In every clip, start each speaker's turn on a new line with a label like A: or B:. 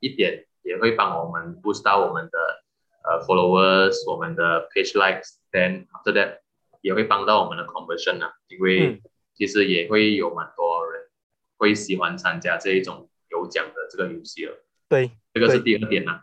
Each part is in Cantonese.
A: 一點也會幫我們 boost 到我們的，呃、uh, followers，我們的 page likes，then after that 也會幫到我們的 conversion 啊，因為其實也會有蠻多人會喜歡參加這一種有獎的這個遊戲了、哦，對，這個是第二點呢、啊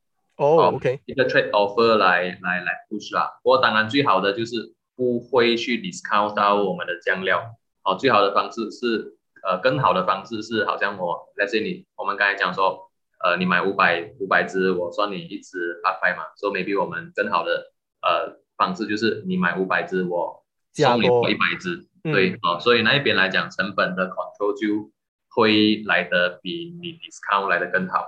A: Oh, okay. 哦，OK，一個 trade offer 來來來 push 啊，啦。不過當然最好的就是不會去 discount 到我們的醬料。哦。最好的方式是，呃，更好的方式是，好像我、Let's say 你，我們剛才講說，呃，你買五百五百隻，我算你一隻八塊嘛。所以 maybe 我們更好的，呃，方式就是你買五百隻，我送你一百隻，對、嗯，哦，所以那一邊來講，成本的 control 就會來的比你 discount 來的更好。